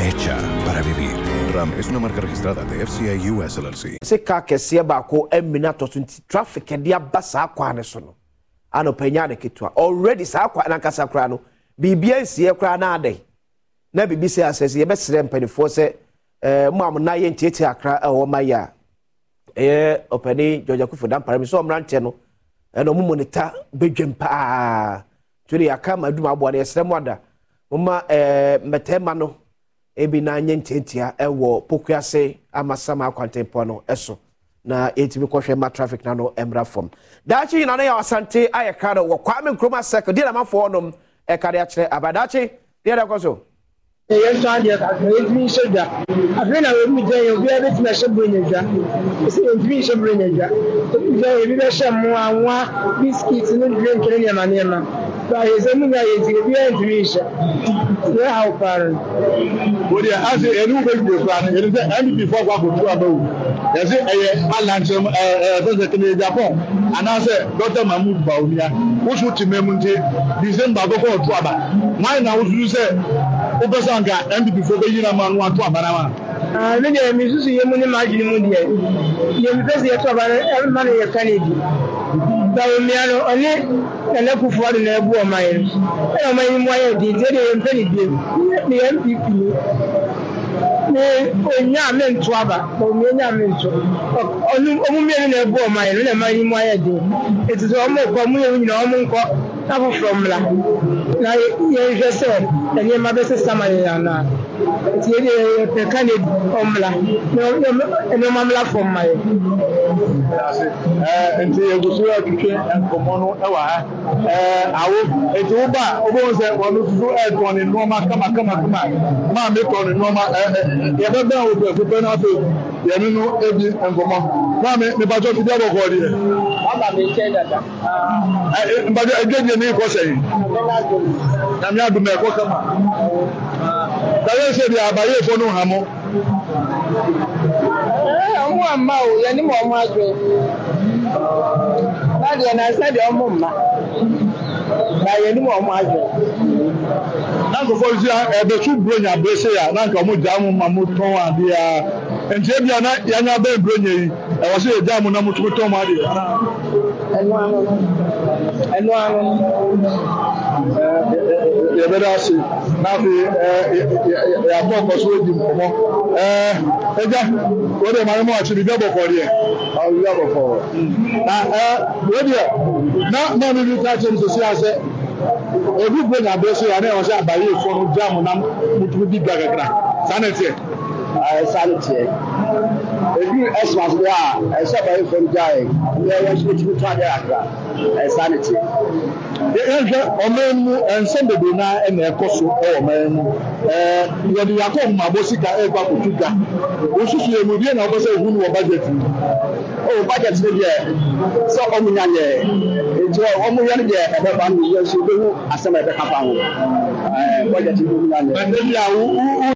hecha para vivir. Ram es una marca registrada de FCI US LLC. Se ka kɛseɛ baako amina tɔ so nti traffic ɛde aba saa kwan ne no ana ɔpɛnya ne ketewa already saa kwan n'ankasa koraa no biribi ansie koraa n'adɛ na biribi sɛ asɛsɛ yɛbɛsrɛ mpanimfoɔ sɛ ɛɛ mo a mo nan yɛ ntiatia akra ɛwɔ ma yɛ a ɛyɛ ɔpɛni george akufo dampare mi sɛ no ɛna ɔmo monita bedwam paa tori yɛaka ma adwuma aboa no yɛsrɛ mo ada mo no ebi na anya ntiatia ɛwɔ pokuase amasama akwantempɔ no ɛso na yɛtumi kɔhwɛ ma traffic na no mmra fam daakye nyina no yɛ asante ayɛ ka no wɔ kwame nkroma circle deɛ namafoɔ nom ɛka de akyerɛ aba daakye deɛ dɛ kɔ so yɛn nso adeɛ kakra yɛntumi nhyɛ dwa afei na wɔn mu gyɛn yɛ obiara bɛtumi ahyɛ buro nya dwa ɛsɛ yɛntumi nhyɛ buro nya dwa ebi bɛhyɛ mmoa nwa biskit ne drink ne nneɛma nneɛma baahiysanaytigabiyaantimiisha waxau baaran wadi ase enu bejbe fani enu se mdp fɔkɔ akutu abawu yasi ɛyɛ alanse ɛɛ fɛn fɛn kele japan anaasɛ dɔkita mahmud bawumia wosu ti mɛmu nti disemba akɔkɔ ɔtu aba n'ayi na wosu sɛ wopɛ sɛ nka mdp fɔ bɛ yina ma nu atu aba na ma. ne deɛ mi susu yɛ mu ne maa jini mu deɛ yɛ mi fɛ si yɛ tu aba ɛma ne yɛ ka ne baawumia no ɔne nana kufuwa do na ɛbu ɔman yi ɛna ɔman yi mu ayɛ den tiɛ de yɛn mpɛ ne biem ne yɛn npp ni ne onya ame nto aba baawumia nya ame nto ɔno ɔmo mmienu na ɛbu ɔman yi no na ɛman yi mu ayɛ den etu sɛ ɔmo kɔ ɔmo yɛ nyinaa ɔmo nkɔ n'afoforɔ mmla na yɛn hwɛ sɛ nneɛma bɛsesa ma yɛn anaa tiɲɛ de bɛɛ ka ne ɔn bila ne ma bila fɔ n ma ye. Eh, nti egusi yɛ tuntun nkɔmɔ no ɛwɔ ha awo nti wo ba o b'o sɛ wɔn mi fufu ɛ eh, tɔn ne nɔɔma kama kama kama maa mi tɔn ne nɔɔma ɛ ɛ yɛbɛ bɛn o bɛ fipɛ n'a fɛ yɛn no ebi nkɔmɔ maa mi nipa eh, tɔ ti di abɔ kɔɔ di yɛ. ama mi kɛ dada. ɛ ɛ nbajɛ ɛdiyɛ diɛ ni kɔ sɛyin. nyamia dumɛ kɔ kama. Ah abɛyɛsɛ bi abayɛfo no ha mo. ɔmo ama o yɛne ma ɔmo adwo na deɛ nansa deɛ ɔmo mma na yɛne ma ɔmo adwo. na nkɔfɔ nsia ɛbɛtu buro nya brese a na nka ɔmo gya mo ma mo tɔn adeɛ a nti ebi a na yɛanya bɛn buro nya yi ɛwɔ sɛ yɛ gya mo na mo tumi tɔn mo adeɛ. ɛnu ano ɛnu ano yɛbɛda ase na afei yɛabɔ nkɔso edi nkɔmɔ ɛgya wɔde maame mu akyi bibi abɔkɔ deɛ bibi abɔkɔ na wɔdeɛ na maame bi ka se sisi asɛ ebi bɛ na abɛ so yɛ anɛ ɔsɛ abayɛ efo no gya mu nam mutu bi bia kakra saa na tiɛ. saa na tiɛ ebi ɛsimaso bi a ɛsɛ abayɛ efo no gya yɛhwɛ ɔman mu nsɛm bebree na ɛna ɛkɔ so ɛwɔ ɔman mu ɛɛ yɛde yakɔ ɔmo abɔ sika ɛɛkɔ akutu ga osusu yɛ mu bie na ɔbɛsɛ ehu no wɔ budget mu ɔwɔ budget no deɛ sɛ ɔmo nya yɛ nti ɔmo yɛ no deɛ ɛbɛba no yɛ nso ebehu asɛm a ɛbɛka fa ho ɛɛ budget no ɔmo nya yɛ.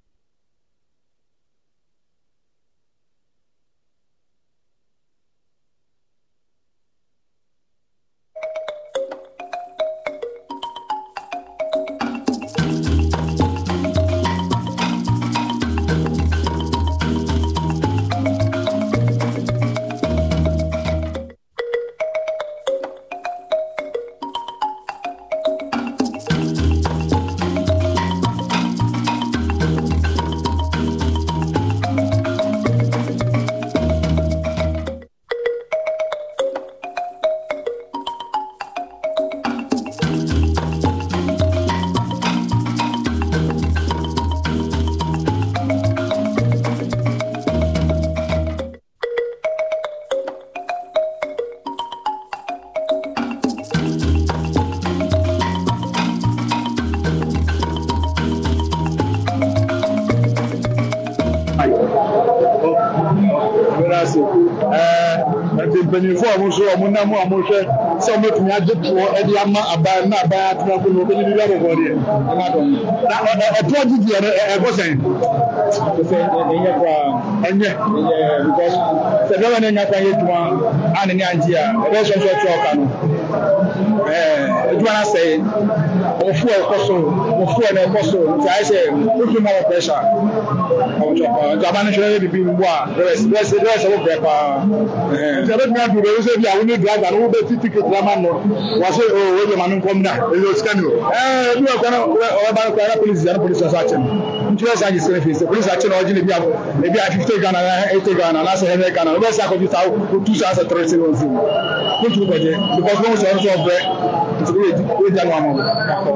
mu nam a mohwɛ sɛ ɔmɛtumi agye toɔ de ama aban na aban atena ko no ɔbɛnye biribi abɔbɔɔ deɛ na ɛtoɔ gye deɛ no ɛkɔ sɛn ɛnyɛ because sɛ bɛma no anya kwan yɛ adwuma a ne ne angye a ɛbɛyɛ sɛ nso ɛtoa ɔka no adwuma no asɛe ɔmɔfo a ɛkɔ soro kufua na ɛkɔ so nti ayɛ sɛ wotu ma wɔ pressure ɔbɛtɔ paa nti abanisɛn yɛ bibi mbɔ a rɛs rɛs rɛs ɛwɔ brɛ paa nti ɛbɛtumi adu bɛ wosɛ bi a wo ne driver no wo bɛ ti ticket lama nɔ wase o o yɛ ma mi nkɔm na ɛyɛ o o ɛɛ ebi wɔ kɔnɔ ɔbɛ ba ne kɔ ɛna polisi yɛ ne polisi yɛ so akyɛ interest agye sɛ fɛ sɛ polisi akyi na ɔgye ne bi a ne bi a fifty ghana na eighty ghana na sɛ hundred ghana ɔbɛ sɛ akɔju taa o tu sɛ asɛ tɔrɔ sɛbɛn fún mi kuntun kɔjɛ because wɔn sɛ ɔno sɛ ɔbrɛ nti o di o di anu ama mo kakɔ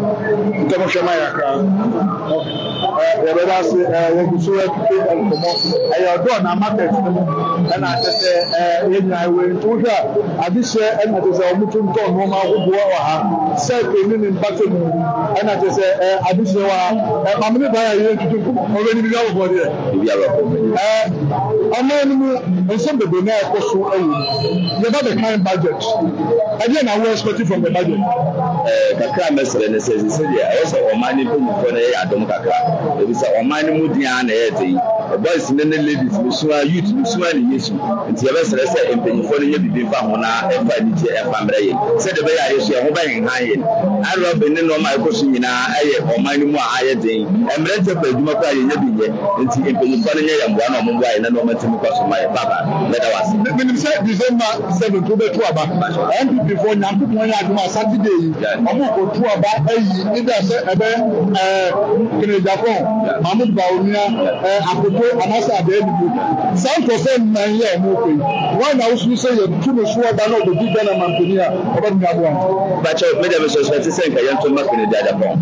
ntɛ mo hwɛ ma yɛ kra ɛɛ yɛbɛ bá se ɛɛ yɛgu so ɛkutɛ ɛnkɔmɔ ɛyɛ ɔdɔɔ na market uh, uh, uh, no mu ɛna kyɛ sɛ ɛɛ yɛ ewe nti wohwɛ a adehyɛ ɛna kyɛ sɛ ɔmo tó ntɔn nneɛma ahodoɔ wɔ ha sɛɛkɛ ne ne mpata mu ɛna kyɛ sɛ ɛɛ adehyɛ wɔ ha ɛɛ maame ne ba yɛ yɛ ntutu ọbẹ níbi náà bọ deɛ ɛɛ ɔman no mu nsɛm bebree naa ɛkɔ so ɛwɔ mu yaba the kind budget ɛdeɛ na awɔ expect from the budget. ɛɛ kakra mɛsɛrɛ ne sɛ sisi deɛ ɛyɛ sɛ ɔman ne mpanyinfoɔ no yɛ adom kakra ebi sɛ ɔman ne mu diɛ na ɛyɛ dɛ yi boys ne ne ladies ne suma youth ne suma ne yesu nti yɛ bɛ srɛ sɛ mpanyinfoɔ no yɛ bibi fa ho na ɛfa ne gye ɛfa mmerɛ yɛ sɛdeɛ bɛyɛ a yɛso ɛho bɛyɛ nhan yɛ arɔbe ne nneɛma a ɛkɔ so nyinaa ɛyɛ ɔman no mu a ayɛ den mmerɛ ntɛ pɛ adwuma adwuma koraa yɛnya bi nyɛ nti mpanyinfoɔ no nyɛ yɛn mboa na ɔmo mboa yɛ na na ɔmo ti mu kɔ so ma yɛ baba bɛda wase. menim sɛ december seven tó bɛ tu aba npp fo nyankopɔn yɛ adwuma satide yi ɔmo kò tu aba ayi nígbà sɛ ɛbɛ ɛɛ kenegyafɔ mahmud bawumia ɛɛ akoto anase adeɛ nibu saa nkɔfɛ nnan yɛ ɔmo kɔ yi wɔn na wosu sɛ yɛ tu no so ɔda na ɔbɛdi ghana mampanin a ɔbɛ dun aboa. bàtɛ mi dɛmɛ sɔsɔ ti sɛ nkɛyɛ ntoma kenegyadapɔn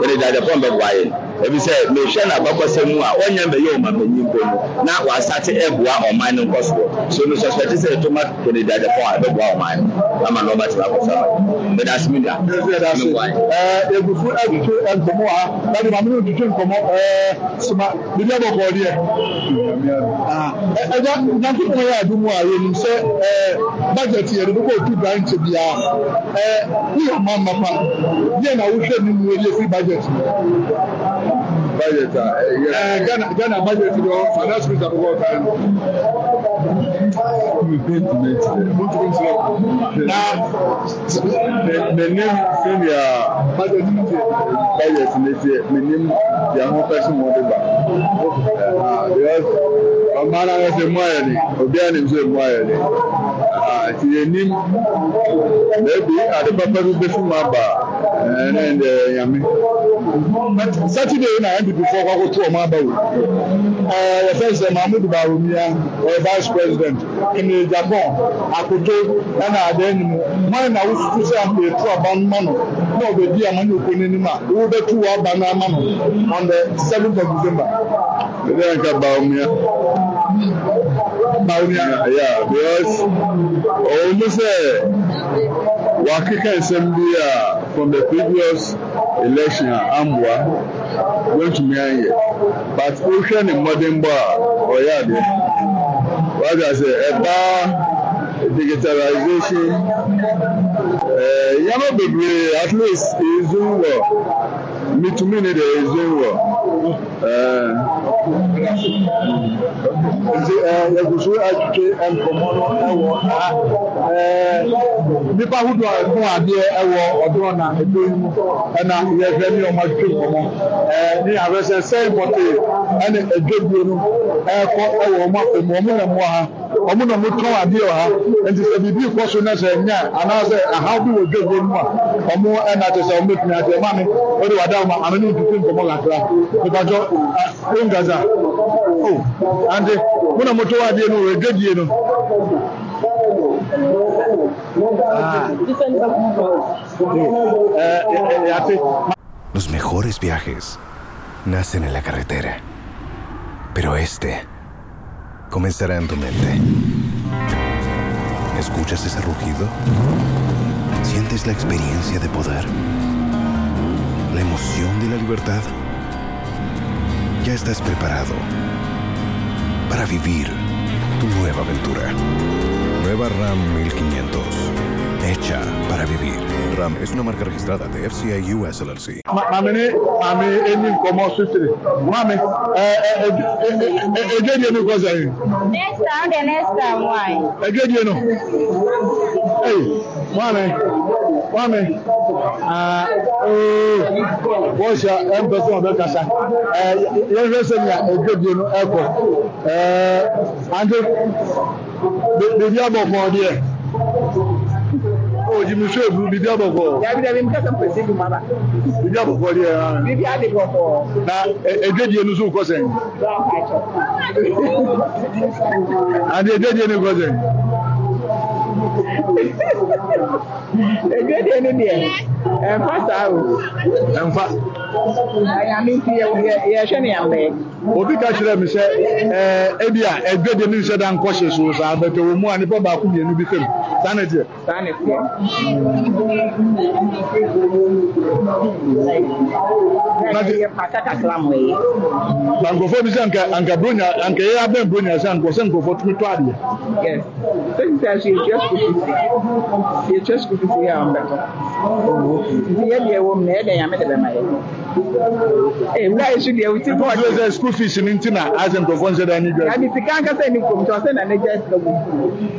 kenegyadapɔn bɛ bɔ ayɛ ebi sɛ mehwɛ no abakɔsɛm a ɔnyɛ mbɛyɛ ɔmapanyin mpo no na wasate ɛboa ɔman no nkɔsoɔ so no sɔspɛte sɛ ɛtoma to ne dada pɔn a ɛbɛboa ɔman no ama na ɔbatumi akɔfa ma meda se meda ɛgufu atutu nkɔmmɔ ha nade maame no tutu nkɔmmɔ eh, soma biribi abɔ kɔɔdeɛ ah. eh, ɛgya nyankopɔn yɛ adom a yɛnim sɛ eh, budget yɛde bɛkɔ ɔtu branch biara woyɛ ɔma mma pa deɛ na wohwɛ no mu ɛdeɛ firi budget budget a ɛyɛ. ɛɛ Ghana Ghana budget dɔ finance minister bɛ bɔ kan. na menim sɛnea budget ne tiɛ budget ne tiɛ menim deɛ ho pɛsɛ mo de ba because ɔmaa na yɛ sɛ mo ayɛ ni obiara nim sɛ mo ayɛ ni. tinyeni baabi ade papa bi bɛfi mu aba ɛne ɛdɛ nyame sátidé na npp fo kɔ akoto ɔmo aba wo ɛɛ wɔfɛ sɛ mahmud bawumia vice president japan akoto na wosusu sɛ ampe etu aba no ma na ama ne a wɔbɛtu wɔ aba no ama no on yeah because òun ní sẹ wà kíkà a from the previous election a amboa wetumi ayɛ but wohwɛ ne mmɔdenbɔ a ɔyɛ adeɛ wagya sɛ ɛbaa digitalization eh, yɛma bebree at least ɛzun wɔ mitumi ne deɛ ɛzun wɔ nti yɛgusu atwitwe nkɔmɔ no wɔ ha nnipa ahodoɔ a ɛko adeɛ wɔ ɔdorɔ na ɛdɔ yi mu ɛna yɛhwɛ ne ɔmo atwitwe nkɔmɔ ne abɛsɛ sɛn bɔtee ɛne adwabuo no ɛrekɔ wɔ ɔmo afɛmu ɔmo na mu ha ɔmo na ɔmo tɔn adeɛ wɔ ha nti sɛ biribi kɔ so na sɛ nya anaasɛ ahaw bi wɔ dwabuo no mu a ɔmo ɛna te sɛ ɔmo tumi ate ɛma mi wɔde wada ɔmo ano ntutu nkɔmɔ kakra nipa tɔ ɛngaza. Ah. Eh, eh, eh, Los mejores viajes nacen en la carretera, pero este comenzará en tu mente. ¿Escuchas ese rugido? ¿Sientes la experiencia de poder? ¿La emoción de la libertad? estás preparado para vivir tu nueva aventura. Nueva RAM 1500. Hecha para vivir. RAM es una marca registrada de FCI US LLC. Kwame, uh, wɔhyɛ ɛmpɛsɛ ɔbɛkasa yɛhwɛ sɛ nea ɛdwabie no ɛkɔ ante biribi abɔ kɔɔ deɛ o jimi so ebu biribi abɔ kɔɔ biribi abɔ kɔɔ deɛ na ɛdwabie no so kɔ sɛn ante ɛdwabie no kɔ sɛn. Gue eh, dia ini dia. ɛnfa saa o. ɛnfa. nyame nti yɛhwɛ ne yɛmbɛɛ. obi ka kyerɛ mi sɛ ɛɛ eh, ebi a ɛdwe de ne nsɛ da nkɔ hyɛ so saa bɛtɛ wɔn mu a nipa baako mmienu bi fam saa na teɛ. saa na teɛ. na de pata kakra mo yi. Mm. na nkurɔfoɔ bi sɛ nka nka bronya nka yɛ abɛn bronya sɛ nkurɔfoɔ sɛ nkurɔfoɔ tumi tɔ adeɛ. yes sɛ n sɛ so yɛ twɛ sukuu fisi yɛ twɛ sukuu fisi yɛ a n nti yɛ deɛ wɔ mu na yɛde nyame de bɛma yɛ ewura yi so deɛ oti bɔɔd. ntutu sɛ school fees ni ti na ase nkurɔfoɔ nhyɛ dan ni dwa. yabi sika ankasa ni kom tɔ sɛ na ne gya sika wɔ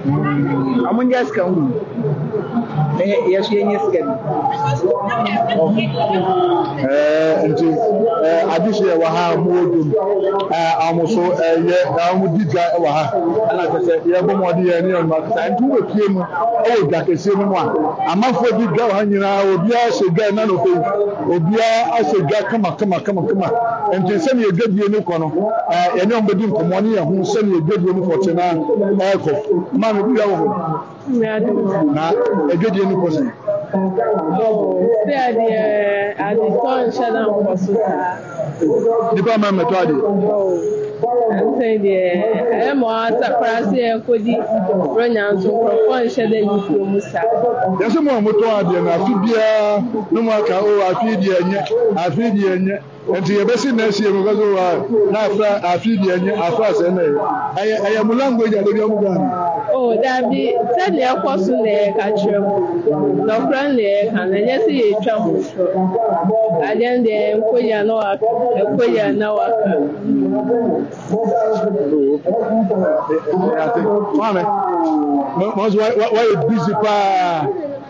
mu ɔmo gya yɛso yɛnyɛ sika no nti eh, ade so yɛwɔ ha a mowɔ dom amo so eh, yɛ amo di dwa wɔ ha ɛna kyɛ sɛ yɛbɔ mmɔde yɛ ne yɛnoma saa nti wobɛpie mu ɛwɔ dwa kɛseɛ no mu a amafoɔ bi dwa wɔ ha nyinaa obiara ahyɛ dwa ɛna no fɛ obiara ahyɛ dwa kama kama kama kama nti sɛne yɛdwa die no kɔ no eh, yɛne ɔmbɛdi nkɔmmɔ ne yɛ ho sɛne yɛdwa die no kɔ kyena ɛɛkɔ ma no bi wɔ hɔ na adwadie no kɔ sɛ sɛ adeɛ adetɔ nhyɛ no nkɔ so saa nipa ma mmɛtɔ adeɛ eh, nsɛn deɛ eh, ɛyɛ eh, ma ɔasakora sɛ yɛkɔdi rɔnya nso nkurɔfoɔ nhyɛ dɛ nikuo mu sa yɛsɛ mu a motɔ adeɛ no afe biara no mu aka o oh, afe deɛ ɛnyɛ afe deɛ ɛnyɛ nti yɛbɛsi na asi yɛ mɛfɛ so wa na afra afi deɛ nye afra asɛ na yɛ ɛyɛ ɛyɛ mu language a lori ɔmu gan. o dabi sɛdeɛ ɛkɔ so na yɛ ka kyerɛ mu dɔkura na yɛ ka na yɛ si yɛ twa mu soro adeɛ deɛ nkoya na wa nkoya e na wa ka. maame mɔnso wayɛ busy paa.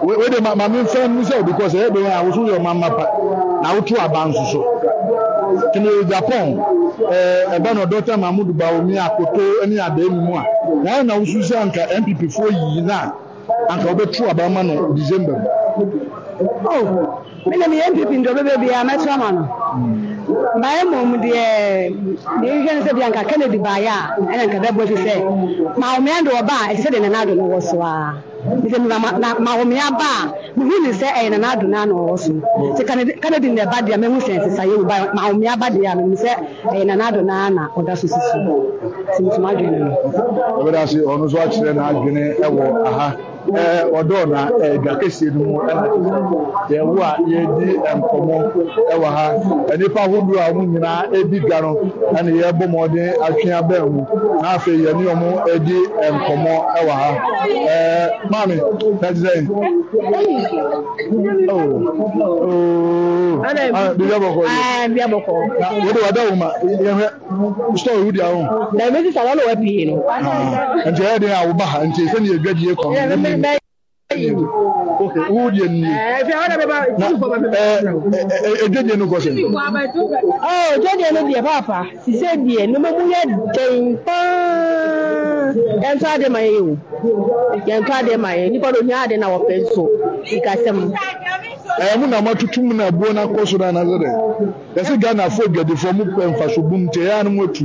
wei de maame nfa mu sɛ because ɛyɛ bɛyɛ oh, a woso yɛ ɔman mapa na wotu aba nsoso kìnìún japan ɛɛ ɛbɛn na dɔkita mahmud baomi akoto ɛne adeemu mu a wɔn na woso sɛ anka npp foɔ yiyi na anka wɔbɛtu aba ma no december mu. mi na mi yɛ npp ndɔbɛ bɛ bi a mɛtɔ ma no baayɛ mmom deɛ deɛ ehwɛ no sɛ bi anka kennedy baayɛ a ɛna nka bɛbɔ ti sɛ maa omi ando ɔba a ɛsɛ de nana ado no wɔ so aa nti na ma na ma a mihu ni sɛ ɛyɛ nana adu na na ɔwɔ so nti kanadi na ɛba deɛ mehu sɛ nsesa yɛ wuba ma ya ba deɛ a mihu sɛ ɛyɛ nana adu na na ɔda so sisi nti ntoma adwene no. ɔbɛda ase ɔno nso akyerɛ n'adwene ɛwɔ aha ɔdɔɔ oh, oh. ah, ah, na ɛdwa kɛseɛ no mu ɛna yɛwo a yɛdi nkɔmɔ ɛwɔ ha nnipa ahodoɔ a wɔn nyinaa edi dwa no ɛna yɛbɔ mɔden atwe abɛn mu na afei yɛne wɔn edi nkɔmɔ ɛwɔ ha ɛɛ maame ɛdi sɛ ooo ooo bia bɔkɔ yi bia bɔkɔ na wɔde wada wɔn ma yɛhwɛ store yi wudi ahɔn. na ebi sisan wɔn na wɔn pii no. nti ɛyɛ den a wɔba ha nti sani yɛ kɔn ni okay ma yẹ o yẹn tó ma yẹ nípa ló ní adé na wọ́pẹ́ so ìkàsẹ́mu ɛyɛ mu na matutu mu na abuo na akɔ so na anadɛ dɛ yɛsi ghana afɔ gɛdifoɔ mu pɛ nfasobu mu te yɛn anum etu.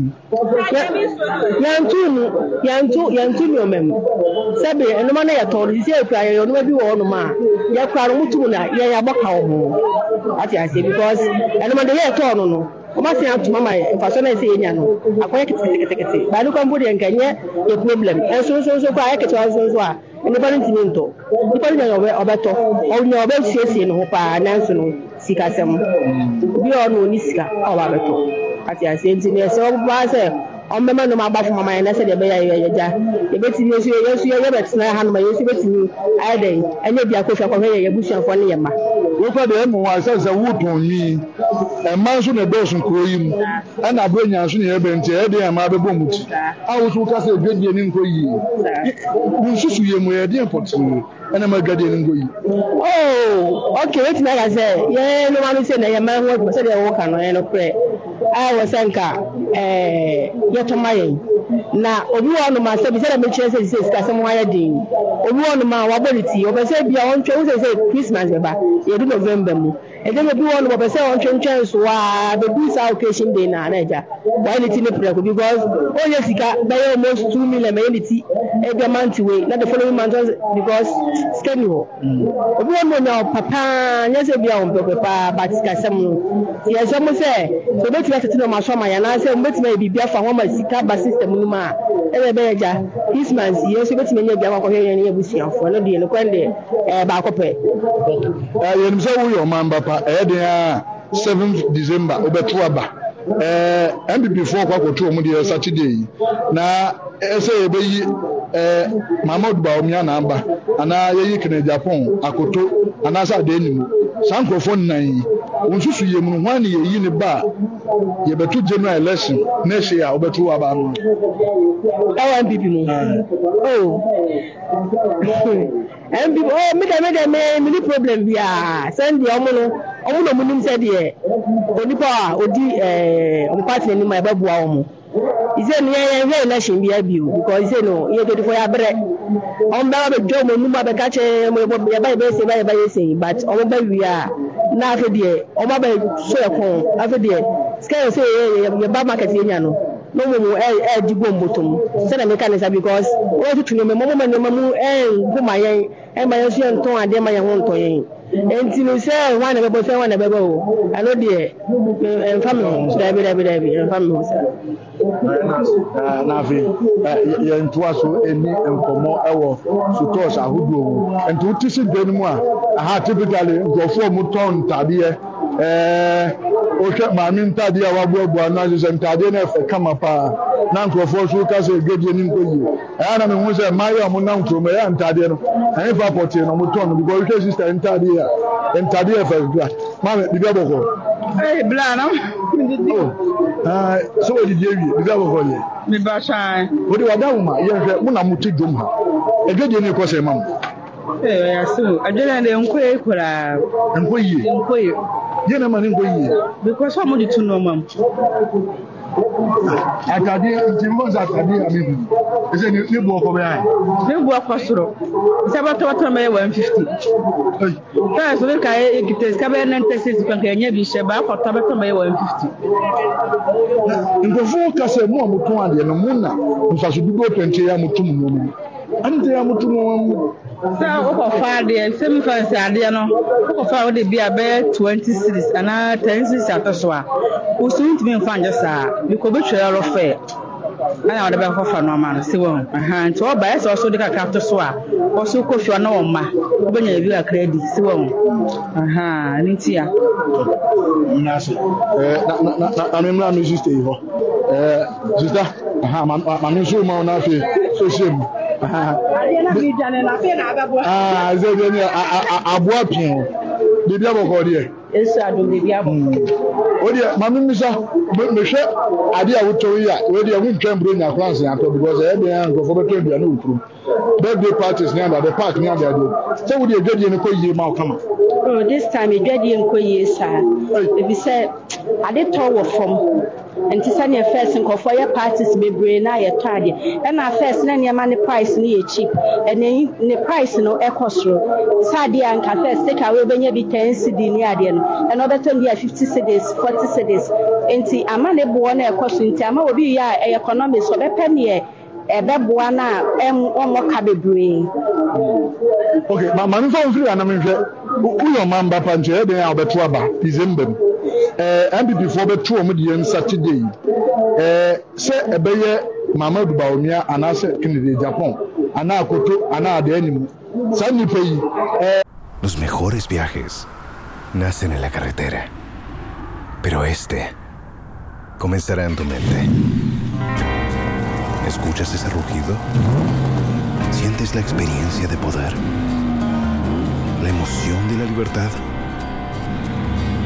yantu mu yantu yantu nneɛma mu sɛbi nnoma no yɛ tɔn sisi ekura yɛ nnoma bi wɔ hɔnom a yɛkura no mu tu mu na yɛ yɛ abɔ ka wɔ ho ase because nnoma de yɛ tɔn no no wọ́n asin atuma ma nfaso náà ẹsẹ̀ yẹn nya no akɔyɛ kete kete kete baanu kwan bo deɛ nyɛ yɛ problem ɛnso nso nso kɔ a yɛ ketewa nso nso a nnipa no ntumi ntɔ nnipa no nyɛ ɔbɛtɔ ɔnyɛ ɔbɛsiesie ne ho paa nanso no sikasɛm obi a ɔno ɔni sika a ɔba bɛtɔ ate aseɛ nti na ɛsɛ ɔbaa sɛ ɔmo bɛma nom abɔ afɔmama yɛn na sɛdeɛ ɛbɛyɛ ayɛ yɛgya yɛbɛtumi nso yɛ nso yɛ bɛtena ha nom a yɛnso bɛtumi ayɛ dɛ ɛnyɛ bi akɔhwɛ akɔhwɛ yɛ yɛbusuafoɔ ne yɛ mma. wokɔ deɛ ɛmu wa sɛ sɛ wotɔn nwi ɛma nso na ɛdɔɔso nkuro yi mu ɛna aburo nyaa nso na yɛ bɛn ntiɛ ɛma bɛbɔ mu ti a woso kasa edwadie ne nkɔ yie nsusu yɛ mu yɛde mpɔtee ɛna ma edwadie ne nkɔ yie. ooo ɔkè aka sɛ yɛn nomanisɛ na yɛn mɛ ho sɛdeɛ wɔka no yɛn no korɛ nka Eh, yɛto ma yɛn na obi wɔ ɔnom asɛ bi sɛdeɛ mekyerɛ sɛ sɛ sika asɛm ayɛ den obi wɔ ɔnom a wabɔ ne ti ɔpɛ sɛ bia ɔntwɛ wo sɛ christmas bɛba yɛdu november mu ɛdɛ bɛ bi wɔn bɔbɛ sɛ wɔn twɛntwɛn so aa bɛ bi saa occasion day na ana gya wɔn ne ti ne prɛko because wɔn yɛ sika bɛyɛ almost two million bɛyɛ ne ti ɛdɛ manti wei na the following month because sika ni hɔ obi wɔn mo nya papa nyɛ sɛ bi a wɔn pɛpɛ paa but sika sɛm no ti yɛ sɛm sɛ sɛ obi tuma tete na ɔmo asɔ ma yɛ anaasɛ obi tuma yɛ biribi afa wɔn ma sika ba system no mu a ɛdɛ bɛyɛ gya christmas yɛ nso obi tuma yɛ bi akɔkɔ hwɛ yɛn ne yɛ busuafoɔ no deɛ no kwan deɛ ɛɛ baako pɛ. ɛɛ yɛn sɛ woyɛ ɔman ba paa ɛyɛ a seventh december wobɛto aba Eh, mpp4 fo kwakwotu Satọde yi na ese eh, ebe ebeyi eh, mahmud baumia na mba ana yeyi kene japan akoto anasa adenimu saa nkurɔfoɔ nnan yi wɔn nso so yɛ mu hwan na yɛyi ne ba a yɛbɛto general election na ɛhyɛ a wɔbɛto wɔ aba ano. ɛwɔ npp mu oo npp oo mi dɛm dɛm problem bi a sɛ n ɔmo no. ɔmo na ɔmo nim sɛ deɛ onipa a odi ɛɛ ɔmo paati n'anim a ɛbɛboa ɔmo ise no yɛn yɛn hwɛ election bi abi o because ise no yɛ kedifo yɛ abrɛ ɔmo bɛba bɛdwa ɔmo num abɛka kyɛ mo yɛbɔ yɛba yɛbɛ ese yɛba yɛba ese but ɔmo bɛ wia na afɛ deɛ ɔmo abɛ so yɛ kɔn afɛ deɛ sika yɛ sɛ yɛ yɛ yɛba market yɛ nya no no mu mu, ɛɛdi bɔ mboto mu sɛnɛ meka ne sa because wɔn tutu nneɛma mu ɔmo ma nneɛma mu ɛnko ma yɛn ɛma yɛn so yɛn ntɔn adeɛ ma yɛn ho ntɔ yɛn nti no sɛ wɔn na bɛbɔ sɛ wɔn na bɛbɔ o ɛno deɛ ɛnfa mi ho dabi dabi dabi ɛnfa mi ho sɛ. n'afe yɛn to aso eni nkɔmɔ ɛwɔ sotɔɔs ahodoɔ mu nti wotu si dwom mu a aha typically nkurɔfoɔ mu tɔn ntaadeɛ. Eh, maame ntaade eh, eh, a waboaboa no nso sɛ ntaade no ɛfɛ kama paa na e nkurɔfoɔ so ka sɛ ɛgadie no nkɔ yie na mehu sɛ a ɔmonam kurom ɛyɛ ntaadeɛ no fa na ɔmotɔn no because wohwɛ a kakra abɔkɔ sɛ awie abɔkɔ yɛ wode wada wo ma yɛhwɛ mote dwom ha ɛdwadie no ɛkɔ sɛ ma mo ɛyɛ so adwadɛ no ɛnkɔ yie koraa nkɔ yie yie yẹn na ma ne nkɔ yie. because ɔmo de tu nneɛma mu. atadeɛ nti mbɔ nsɛ atadeɛ a mehu ɛsɛ Ni bu ɔkɔ bɛyɛ ne bu ɔkɔ soro sɛ bɛtɔbɛtɔ bɛyɛ one fifty tɛs ne ka yɛ kita sika bɛyɛ nine thirty six kan ka ɛnyɛ bi hyɛ baako tɔbɛtɔ bɛyɛ one fifty. nkurɔfoɔ kasa mu a mo tɔn adeɛ no mo na nfaso dodoɔ pɛntɛ yɛ a mo mu ɛnna yɛ a mo tum nneɛma mu sɛ wokɔfa adeɛ sɛ mefa sɛ adeɛ no wokɔfa wode bi a bɛyɛ 20 series anaa 10 series atɔ so a wo so wontumi mfa nyɛ saa mekɔbɛtwerɛ lɔfɛɛ ɛna wɔde bɛkɔfa nneɛma no si wɔn nti ɔba ɛsɛ ɔso de kakra to so a ɔso kɔ fie ɔna wɔn ma ɔbɛnya ebi kakra di si wɔn ne ti a. na na na mmira no sista yi hɔ sista maame nso ma ɔna afei so hyɛ mu. adeɛ na mi gya ne na afei na abɛboa. Ah, ɛsɛ bi ni aboa pii o biribi abɔkɔ deɛ. esu ado biribi abɔkɔ. Hmm. o deɛ maame misa mehwɛ ade a wotɔ yi a o deɛ ho ntwɛn buro nya kora nsen atɔ because ɛyɛ e bɛn e, nkurɔfoɔ bɛtɔ aduane wɔ kurom birthday parties ne adaade park ne adaade sɛ wo deɛ dwadie no kɔ yie ma ɔkama. oh this time e, dwadie nkɔ yie saa ebi sɛ ade tɔ wɔ fam nti sɛnea fɛs nkɔfoɔ yɛ parties bebree na yɛtɔ adeɛ ɛna fɛs na nneɛma ne price no yɛ cheap ɛna ne price no ɛkɔ soro saadeɛ anka fɛs take away bɛnya bi ten cedi ne adeɛ no ɛna ɔbɛtɔn bi a fifty cedis forty cedis nti ama ne boɔ na ɛkɔ so nti ama obi yɛ a ɛyɛ economics ɔbɛpɛ neɛ ɛbɛboa no a wɔmmɔ ka bebree okay maame nfa nfiri anam nhwɛ woyɛ ɔma mba pa nkyɛ ɛbɛn a ɔbɛto december Eh, eh, eh, Los mejores viajes nacen en la carretera, pero este comenzará en tu mente. ¿Escuchas ese rugido? ¿Sientes la experiencia de poder? ¿La emoción de la libertad?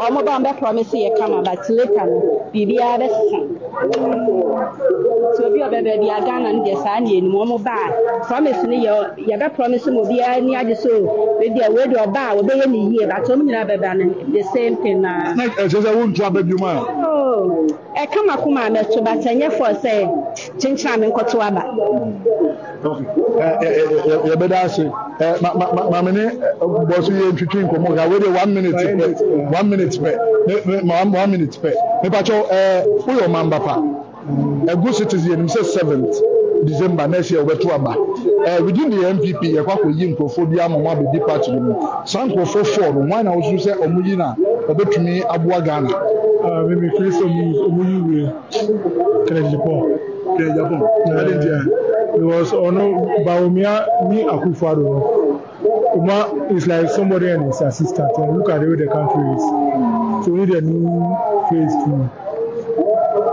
wɔn bɛn bɛfa me so yɛ kama but later no biribiara bɛsesa nti obi a ɔbɛbɛ bi aghana no deɛ saa neɛ anim ɔmo baa promise no yɛ yɛbɛ promise ma obiara ni agye so wei deɛ wei deɛ ɔbaa wɔbɛyɛ ne yie bato ɔmo nyinaa bɛbɛ no the same thing na. na ɛsɛ sɛ wontu aba bi mu a. Oh, ɛka ma ko maa mɛto bata nyɛ fɔ sɛ kyenkyen a mi nkɔto aba. yɛbɛda ase maame ne bɔso yɛ ntwitwi nkɔmɔ ha wei de one minute pɛ one minute pɛ one minute pɛ nipa kyɛw woyɛ ɔmamba papa ɛgu citizen yɛnim sɛ seventh december next year wɔbɛto aba ɛɛ eh, within the npp yɛkɔ akɔyi nkurɔfoɔ bi ama wɔn abɛdi party no mu saa nkurɔfoɔ four no wɔn na wɔso sɛ wɔn yi na wɔbɛtumi aboa ghana. aa mímí kiri sọ mu ọmọ yìí wúre kẹrẹjì pọ kẹrẹjì pọ ẹni tí a because ọ̀nà bawumia ní àkúfàdù no uma is like somebody and his assistant and look at the way the country is so we need a new face to.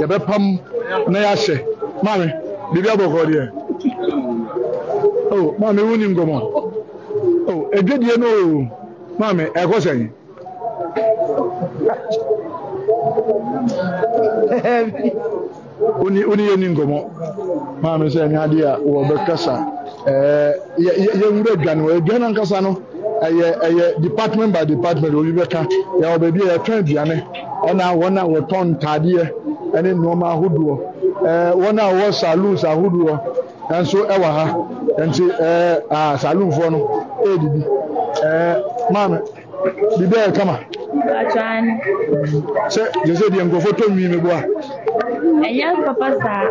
yɛbɛpam na yɛahyɛ maame biribi abɔkɔ deɛ oh maame wo ni nkɔmɔ oh edwadie no o maame ɛkɔ sɛn oni oni yɛ ni nkɔmɔ maame sɛ ɛnyɛ adeɛ a wɔbɛkasa ɛɛ yɛ yɛ nwura aduane wɔ aduane ankasa no ɛyɛ ɛyɛ department by department obi bɛka yɛ wɔ baabi a yɛtɔn aduane ɛna wɔn a wɔtɔn ntaadeɛ. ne nneɛma ahodoɔ ɛɛ wɔn a wɔwɔ saloons ahodoɔ nso wɔ ha nti ɛɛ aa saloonfoɔ no ɛredidi ɛɛ maame biribi a yɛ kama. sɛ sɛ deɛ nkurɔfoɔ tɔ nwii mi bo a ɛnyɛ papa saa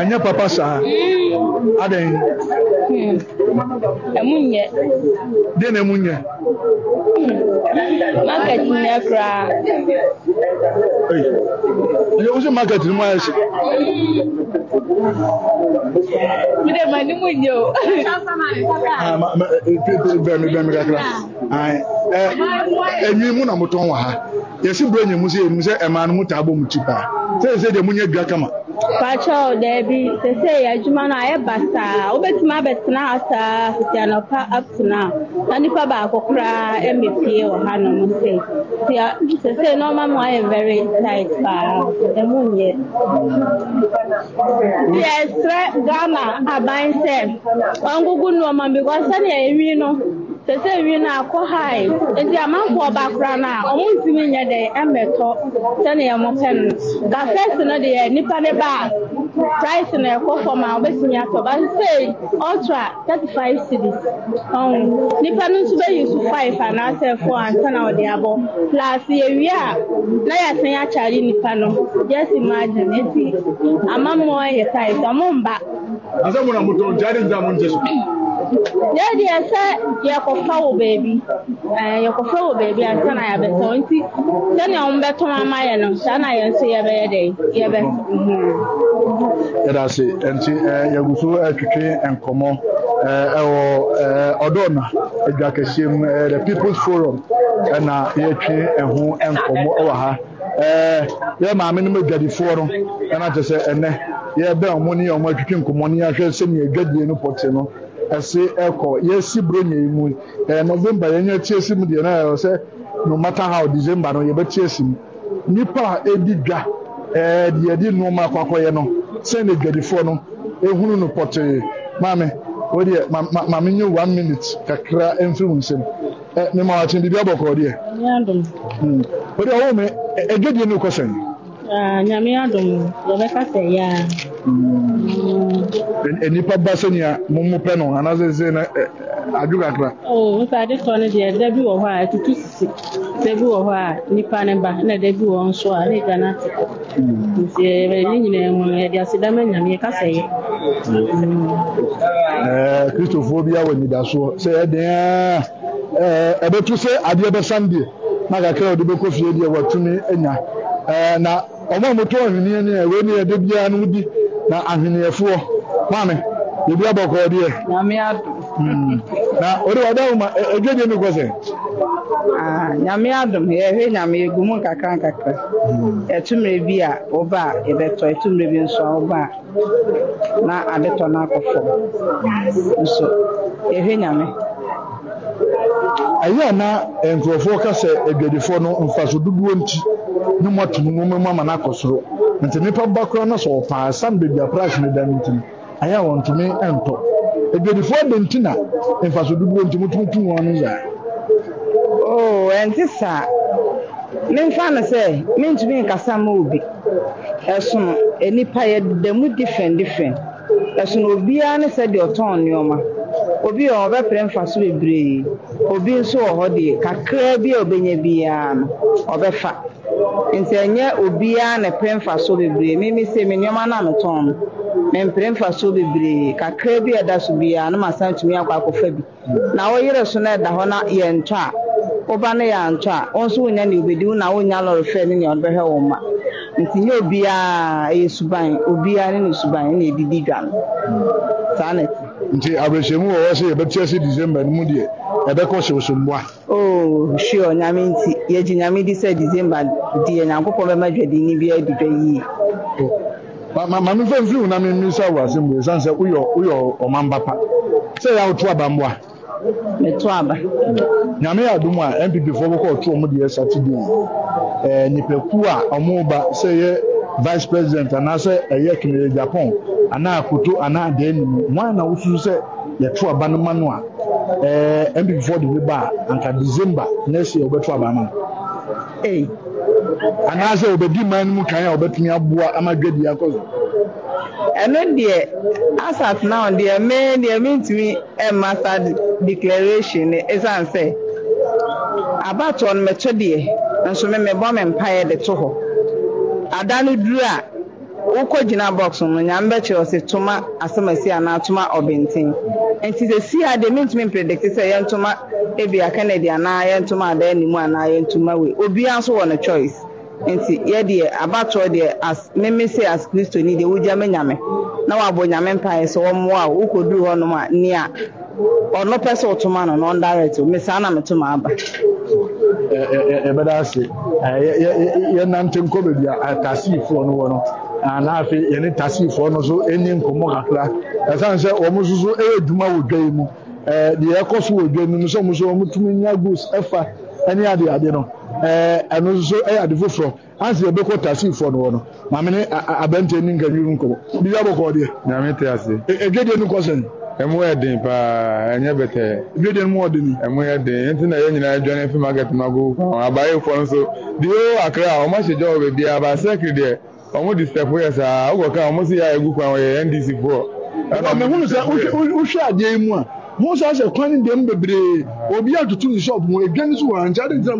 ɛnyɛ papa saa hmm. adɛn ɛmu hmm. nyɛ deɛ na ɛmu nyɛ hmm. market nyɛ koraa ɛyɛ wosi market ni mu ayɛ si mi dɛ ma ni mu nyɛ o bɛn mi bɛn mi kakra. enyi eh, eh, mu na mutɔn wɔ ha yɛsi bro enyi mu sɛ emu sɛ ɛmaa no mu taa bɔ mu ti paa sɛ ɛsɛ deɛ mu nye dua kama. patrol dɛbi sese adwuma no ayɛ basaa wobɛtumi abɛtena ha saa fiti anɔpa apona na nipa baako koraa mmepie wɔ ha nom se sese nɔɔma mu ayɛ very tight paa ɛmu nyɛ yɛsrɛ ghana aban sɛ ɔngugu nneɔma because sɛdeɛ ɛwi no sɛsɛ wie no akɔ hae nti amanfoɔ bakora no a ɔmo ntumi nyɛ dɛ ɛmmɛtɔ sɛnea na no ba no deɛ nnipa ne ba a price ɛkɔ fam a wobɛtumi atɔ ba sei thirty five cities ɔn nnipa no nso bɛyi so five anaasɛ four ansa na ɔde abɔ plus yɛwie a na yɛasan akyare nnipa no nti yɛ ɔmo mba mo na mo so yɛdeɛ sɛ yɛkɔfa wɔ baabi eh, yɛkɔfa wɔ baabi ansa na yɛabɛsɛ wo nti sɛnea ɔm bɛtɔn ama yɛ no saa na yɛn nso yɛbɛyɛ dɛn yɛbɛhu yɛda se eh, yɛgu so eh, atwitwe nkɔmmɔ ɛwɔ ɔdɔna adwa mu the people's forum ɛna yɛtwe ɛho nkɔmmɔ ɛwɔ ha yɛ maame no mu adwadifoɔ no ɛna kyerɛ sɛ ɛnɛ yɛbɛn ɔmo ne yɛ ɔmo atwitwe nkɔmmɔ yɛahwɛ sɛnea adwadie no pɔte no ɛse ɛkɔ yɛsi bronya yi mu ɛyɛ november yɛn nyɛ tie si mu deɛ na ɛyɛ sɛ no matter how december no yɛbɛtie si mu nipa a edi dwa ɛɛ deɛ yɛde nneɛma akɔ akɔyɛ no sɛnɛ dwadifoɔ no ehunu no pɔtee maame o deɛ ma ma maame nye one minute kakra ɛnfiri wɔn nsam ɛ ne ma wakye biribi abɔ kɔɔ deɛ. Hmm. o deɛ ɔwɔ mi ɛdwadie no kɔ sɛn. nyame adum yɛbɛka sɛ yaa. Hmm nipa ba sɛ nea mo pɛ no anaasɛ sɛ na adwo kakra ntade tɔ no deɛ da bi wɔ hɔ a ɛtutu sisi da bi wɔ hɔ a nipa ne ba na da bi wɔ nso a ne gya no ate nti ne nyinaa mu yɛde asedama nyame yɛka sɛ yɛ kristofoɔ bi a wɔ nidasoɔ sɛ ɛdeɛ ɛbɛtu sɛ adeɛ bɛsan deɛ na kakra ɔde bɛkɔ fie deɛ watumi anya na ɔmo a motɔ ahwenneɛ ne a ɛwɔ ne yɛde biara di na ahwenneɛfoɔ maame ebi abɔkɔ deɛ nyame ado hmm. na ɔde wada ahoma edwa Na nukɔ sɛ nyame adom yɛhwɛ nyame egu mu nkakra nkakra ɛtumire hmm. bi a ɔba a yɛbɛtɔ ɛtumire bi nso a ɔba a na adetɔ no akɔ fam nso yɛhwɛ nyame na nkurɔfoɔ ka sɛ adwadifoɔ no mfaso dodoɔ nti ne mu ato mu nwoma mu ama no akɔ soro nti nnipa ba koraa no sɛ ɔpaa san baabi a price no da no nti no ayɛ a wɔntumi ntɔ adwadifoɔ de nti na mfaso dodoɔ nti mutumtum wɔn no yɛ. oo oh, ɛnti saa memfa no sɛ mentumi nkasa ma obi ɛsono nnipa yɛ da different different ɛsono obiara ne sɛ deɛ ɔtɔn nneɛma obi wɔ hɔ bɛpere mfaso bebree obi nso wɔ hɔ deɛ kakraa bi a ɔbɛnya biara no ɔbɛfa. nti ɛnyɛ obiara na pɛ so bebree mímí se mi nneɛma na mi tɔn no mɛmpere so bebree kakra bi ɛda so biara no ma san tumi akɔ akɔfa bi na ɔyere so na ɛda hɔ na yɛ ntɔ a ɔba no yɛ antɔ a wɔn nso wonya nea obedi na wonya lɔre fɛ ne nea ɔde bɛhwɛ wɔn ma nti nye obiara ɛyɛ suban obiara ne ne suban na edidi dwa no saa na ti. nti abirikyiamu wɔ hɔ sɛ yɛbɛtia se december no deɛ. ɛbɛkɔ hyɛwhyɛ mu a. oo sure nyame nti yɛgye nyame di sɛ december deɛ nyankopɔn bɛma dwadini bi adi dwa yie. Oh, maame fɛn fi wuna mi mi sɛ awo ase mu esan sɛ woyɔ woyɔ ɔman papa sɛ yà wotu aba mu a. mɛtu aba. nyame yà dum a npp fo bɛkɔ ɔtu ɔmo deɛ satide ɛɛ nipakuo a ɔmo ba sɛ yɛ vice president anaasɛ ɛyɛ eh, kemere japan anaa koto anaa deɛ nimu wɔn yɛto aba no ma no a ɛɛ npp foɔ de bi ba a anka december next year wɔbɛto aba ma no ee anaasɛ wɔbɛdi man no mu kan a wɔbɛtumi aboa ama dwadi akɔ so. ɛno deɛ asat now deɛ mee deɛ mentumi ɛmma saa declaration no ɛsiane sɛ abatoɔ no mɛto deɛ nso me mebɔ me mpaeɛ de to hɔ ada no duru a wokɔ gyina box no nyame bɛkyerɛ sɛ toma asɛmasi anaa toma ɔbɛnten nti sɛ si a deɛ mentumi mpredikte sɛ yɛntoma ebia kennedy anaa yɛntoma adan ne anaa yɛntoma wei nso wɔ no choice nti yɛdeɛ abatoɔ deɛ meme sɛ as kristoni deɛ wogya me nyame na wabɔ nyame mpaeɛ sɛ wɔmmoa wo wokɔduru hɔnom a ɔno pɛ sɛ wotoma na ɔndirect wo na metoma aba ɛbɛda ase yɛnante nkɔ baabi a no wɔ no na yɛne tasifoɔ no nso ɛni nkɔmɔ kakra ɛsan sɛ wɔn nso so ɛyɛ adwuma wɔ dwa yi mu ɛɛ deɛ ɛkɔ so wɔ dwa yi mu sɛ nso wɔn nya goals ɛfa ɛne ade ade no ɛɛ ɛno nso ɛyɛ ade foforɔ ansi yɛbɛkɔ tasifoɔ no wɔ no maame ne nkɔmɔ bibi deɛ. nyame te ase. kɔsɛn. ɛmu yɛ den paa ɛnyɛ bɛtɛ. mu ɛmu yɛ den nti na nyinaa fi nso a ɔmo disturb yɛ saa ɔgɔ kan ɔmo si yɛ egu kwan ndc foɔ. ɛnna mehunu sɛ wohwɛ adeɛ yi mu a mo nso ahyɛ kwan ne bebree obi atutu ne shop mu edwan so nso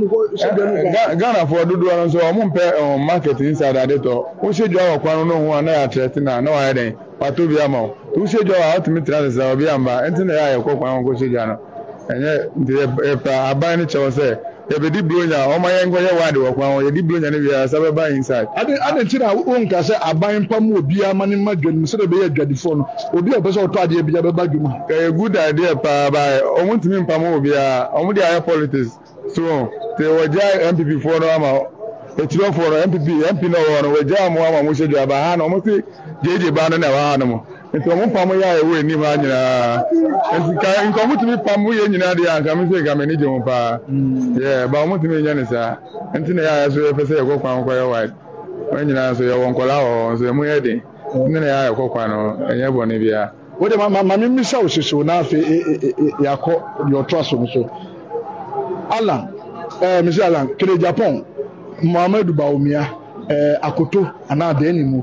mpɛ market inside ade tɔ dwa wɔ kwan no ho a atrɛte na dɛn bi o dwa a obi na yɛ ayɛ kɔ kwan ho kɔ hyɛ dwa no ɛnyɛ yɛbɛdi bronya ɔma yɛn nkɔ yɛ wide wɔ kwan hɔ yɛdi bronya no wiaa sɛ bɛba inside ade ade ti na wonka sɛ aban pa mu ma ne ma dwani mu sɛdeɛ bɛyɛ adwadifoɔ no obi a ɛpɛ ɔtɔ adeɛ bia bɛba dwuma ɛyɛ good idea paa baɛ ɔmo ntumi mpa mu obiaa ɔmo de ayɛ politics so te wɔgya mpp foɔ no ama akyirɛfoɔ no mpp mp no ɔwɔ no wɔgya mo ama mo hyɛ dwaba ha na ɔmo se gyegye ba no na ɛwɔ ha no mo nti ɔmo pam yɛ a ɛwɔ anim ha nyinaa nti ka nkɔmo tumi pam yɛ nyinaa deɛ anka mi sɛ nka mi ni gye mo paa mm. yɛ ba ɔmo tumi nyɛ ne saa nti na yɛ a yɛ so yɛpɛ sɛ yɛkɔ kwan kɔ yɛ wide wɔn nyinaa nso yɛwɔ nkɔla wɔ hɔ nso ɛmu yɛ den nti na yɛ a yɛkɔ kwan no ɛnyɛ bɔ ne bia. o de ma ma ma mi mi sɛ o soso na e e e, e-, e- yakɔ deɛ ɔtɔ aso mu so alan ɛɛ eh, mr alan kere japan muhammadu bawumia ɛɛ eh, akoto anaa adeɛ ni mu.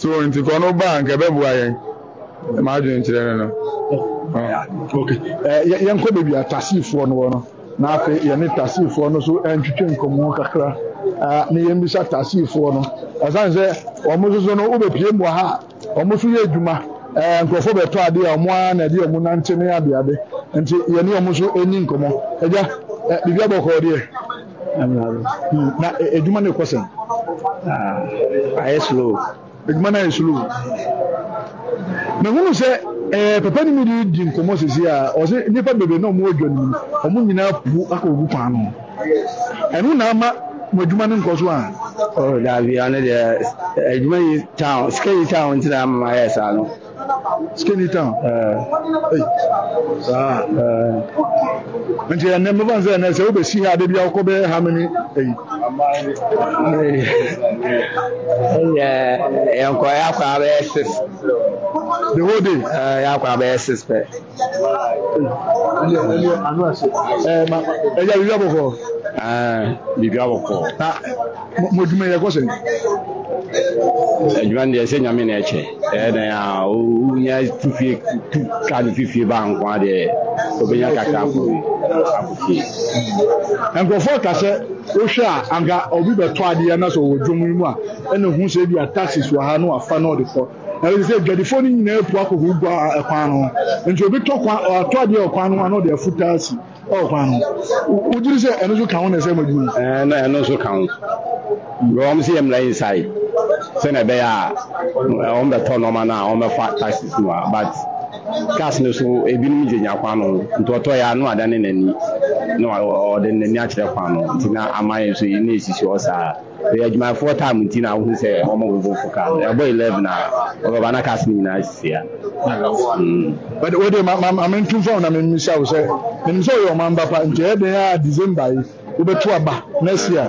so nti kɔ no ba nka bɛ bu ayɛ maa adwene kyerɛ no no. yɛn kɔ beebi a tasiifoɔ no wɔ no na afei yɛne tasiifoɔ no so eh, ntwitwe nkɔmɔ kakra uh, na yɛn bisa tasiifoɔ no ɛsan sɛ wɔn soso no wobɛpie mu wɔ ha wɔn so yɛ adwuma eh, nkurɔfoɔ bɛtɔ adeɛ a wɔn ara na ɛde wɔn nante ne adeade nti yɛne wɔn so ani nkɔmɔ ɛgya biribi abɔkɔ deɛ na adwuma no kɔ sɛn ayɛ slow adwuma no ayɛ slow mehunu sɛ ɛɛ eh, papa no mu de di nkɔmmɔ sisi a ɔsɛ nnipa bebree na ɔmo adwa no mu ɔmo nyinaa pu akɔ ogu kwan no ɛno na mo adwuma no nkɔ so a. ɔ oh, daabi ɔno deɛ adwuma eh, yi town sika yi town ntina ama ayɛ saa no skinny town saa eh. ah. eh. nti ɛnɛ mbɛfa nsɛ ɛnɛ sɛ wobɛsi ha ade bia wokɔ bɛyɛ hamene ayi eh, ɛyɛ yɛnkɔ yɛ akɔ abɛyɛ six the whole day yɛ akɔ abɛyɛ six pɛ ɛyɛ biribi abɔkɔ biribiaa wɔ kɔɔ na mo adwuma yɛ kɔ adwuma deɛ sɛ nyame na ɛkyɛ ɛna a wonya tufie ka no fifie baa nko a deɛ wobɛnya kakra akofie nkurɔfoɔ ka sɛ wohwɛ a anka obi bɛtɔ adeɛ na sɛ ɔwɔ dwom yi mu a ɛna hu sɛ bi ataxes ha na wafa na ɔde kɔ ɛyɛ sɛ dwadifoɔ no nyinaa apu akɔkɔ gua ɛkwan no nti obi tɔ kwan ɔatɔ adeɛ ɔkwan no a na ɔde afuta asi ɔkwano wodwiri sɛ ɛno so ka ho na ɛsɛ ma dwuma na ɛno nso ka ọm. wɔm sɛ yɛ mmara yi nsae sɛnɛ ɛbɛyɛ a ɔmbɛtɔ nɔɔma no ọm bata taxes no a but cars no so ebinom gye nya kwan no nti ɔtɔ yɛ ano ada ne n'ani na ɔde n'ani akyerɛ kwan no nti na aman yɛ nso yi na esisi hɔ saa ɛyɛ adwumayɛfoɔ time nti na wohu sɛ ɔma bobɔfo ka ɛbɔ 11 a ɔbɛba na kase no nyinaa sesia but wode mamentom fa wo na memisa wo sɛ menim sɛ woyɛ ɔmamba pa nti ɛyɛ den a december yi wobɛto aba next year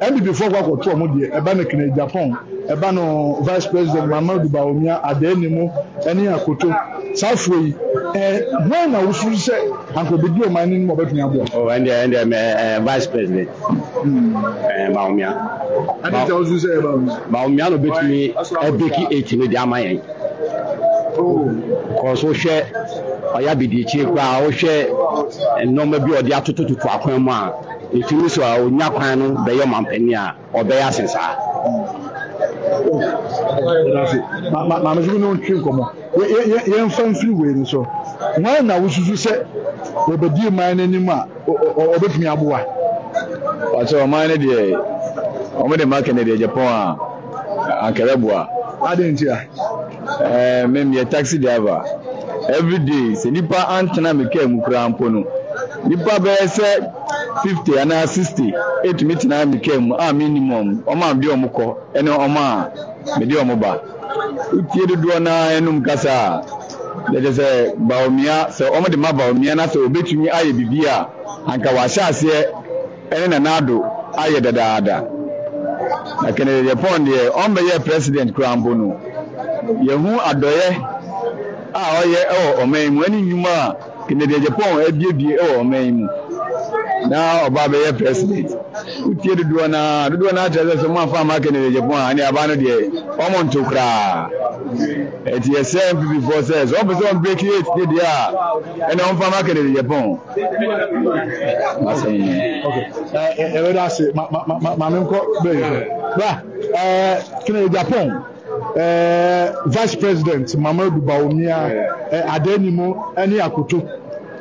ndbfoɔ kɔ akɔto ɔmo deɛ ɛba no kene japan ɛba no vice president mama bawomia adeɛ ne mu ɛne akoto saa afuo yi wọn na wosoro sɛ ankobedi ɔman no mu ɔbɛtumi aboa. ɔ ɛn deɛ ɛn deɛ mɛ ɛ vice president ɛɛ maomia. adi ta wosoro sɛ ɛba wosoro. maomia na obetumi ɛbeki eti ne de ama yɛn. kɔɔso hwɛ ɔyɛ abidikyiri koraa ɔhwɛ nneɛma bi ɔde atotototo akwan mu a ntumi so a onya kwan no bɛyɛ ɔmampanin a ɔbɛyɛ asensaa. maame sɛ o ne wo ntwe nkɔmmɔ yɛmfa mfiri wei no so wọn na wosusu sɛ wɔbɛdi man n'anim a ɔbɛtumi aboa. wɔakyɛ ɔman no deɛ wɔn de maka no deɛ japan a ankara boa. adi nti a. ɛɛ mɛm yɛ taxi driver everyday sɛ nipa antena mi kaa mu koraa mpo no nipa bɛyɛ sɛ fifty ana sixty etumi tena mi kaa mu a ah, minimum ɔmo a mi de ɔmo kɔ ɛne ɔmo a mi de ɔmo ba. wotie dodoɔ naa ɛnum kasa yɛde sɛ baomia sɛ wɔmde ma baomia na sɛ obetumi ayɛ bibi a anka wahyɛ aseɛ ɛne nanado ayɛ dadaada na kennedy japan deɛ ɔmbɛyɛ president koraa mpo no yɛhu adɔyɛ a ɔyɛ ɛwɔ ɔman mu ɛne nnwuma a kennedy japan abiebie ɛwɔ ɔman mu na ɔba bɛyɛ president wotie dodoɔ na dodoɔ na kyerɛ sɛ sɛ mo afa ama a ne aba no deɛ ɔmo nto koraa ɛti ɛsɛ npp sɛ sɛ ɔpɛ sɛ ɔn break ne deɛ a ɔmfa ase maame nkɔ ba eh, eh, vice president ɛne eh, akoto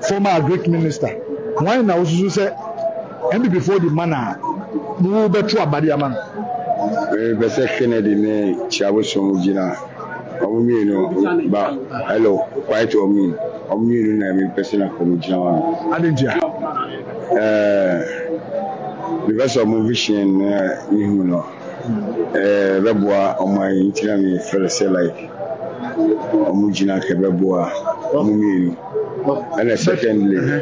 former agric minister wɔn na wosusu sɛ npp fo di ma na mo bɛtu abade ama no. mɛpɛ sɛ kennedy ne kyiabosom gyina ɔmo mmienu ba hello quiet ɔmo yi ɔmo mmienu na mɛpɛ sɛ na kɔm gyina hɔ. adentia. ɛɛ eh, mɛpɛ sɛ ɔmo vision na mihu no ɛɛ eh, bɛboa ɔman yi ntina mi fɛrɛ sɛ like ɔmo gyina kɛbɛboa ɔmo mmienu ɛna secondly. Uh -huh.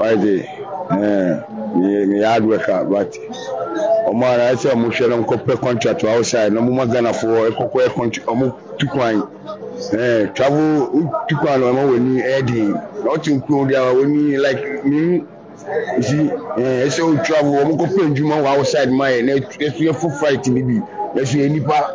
ɔyɛde eh, ɛɛ mi yɛ hard worker but ɔmo ara ɛsɛ ɔmo hwɛ no nkɔpɛ contract wɔ outside na ɔmo eh, eh, ma ghanafoɔ ɛkɔkɔ ɛ contract ɔmo tu kwan ɛɛ travel tu kwan na ɔmo wɔ ni ɛɛdi na ɔte nkuro di a wɔ ni like ni si ɛɛ ɛsɛ o travel ɔmo kɔpɛ ndwuma wɔ outside ma yɛ na ɛsɛ ɛfo flight ni bi ɛsɛ nipa.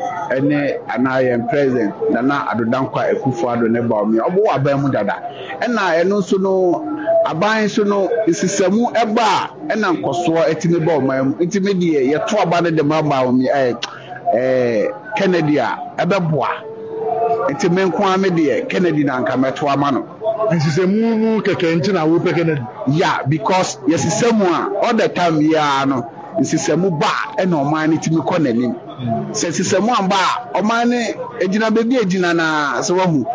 ne anaa yɛn president nana adodankwa akufo ado ne baomi ɔbɔ wɔ aban mu dada ɛna ɛno nso no aban so no nsisamu ɛba a ɛna nkɔsoɔ ɛtumi ba ɔman mu ntumi deɛ yɛto aba no de ma baomi ɛɛ ɛɛ kennedy a ɛbɛboa nti mme nko ara deɛ kennedy na nka mɛto ama no. nsisamu no kɛkɛ nti na awopɛ kennedy. ya because yɛsisamu a ɔda tam time yia no nsisamu ba ɛna ɔman no tumi kɔ n'anim. sɛ sisɛmu amba a ɔman ne egyina beebi egyina na sɛ wahu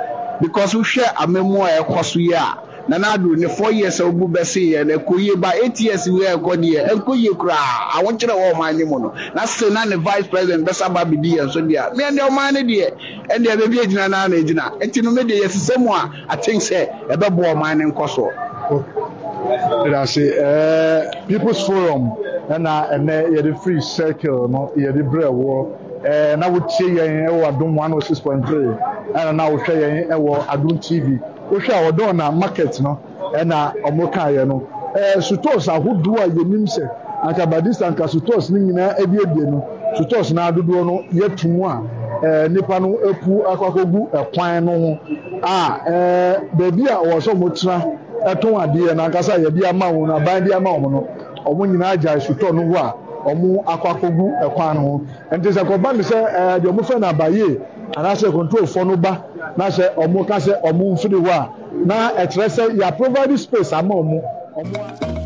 because wohwɛ amamu a ɛkɔ so yi a nana ado ne four years a obu bɛsi yɛ na ɛkɔ yie ba eight years wi a ɛkɔ deɛ ɛnkɔ yie koraa awonkyerɛ wɔ ɔman ne mu no na sɛ na ne vice president bɛsa ba bi di yɛn so deɛ mea deɛ ɔman ne deɛ ɛndeɛ beebi egyina na na egyina eti no me deɛ yɛ sisɛmu a I think sɛ ɛbɛbɔ ɔman ne nkɔ so. ɛdase ɛɛ people's forum. ɛna ɛnɛ yɛde free circle no yɛde brɛ ɛwɔ ɛɛ na wotie yɛn ɛwɔ adum one oh six point three ɛna na wohwɛ yɛn ɛwɔ adum tv wohwɛ a wɔdɔn na market no ɛna ɔmo kaa yɛ no ɛɛ sutɔs ahodoɔ a yɛnim sɛ ankabadista anka sutɔs ne nyinaa abiebie no sutɔs na dodoɔ no yɛtu mu a ɛɛ nipa no epu akɔkɔgu ɛkwan no ho a ɛɛ beebi a wɔsɔ mo tena ɛtɔn adeɛ na ankasa yɛde ama wɔn na ban de ama wɔn no ɔmo nyinaa gya asutɔ no ho a ɔmo akɔ akɔgu ɛkwan no ho nti sɛ kɔba mi sɛ ɛɛ deɛ ɔmo na abayie anaasɛ kɔntrolfoɔ no ba na sɛ ɔmo ka sɛ ɔmo nfiri hɔ a na ɛkyerɛ sɛ yɛ space ama ɔmo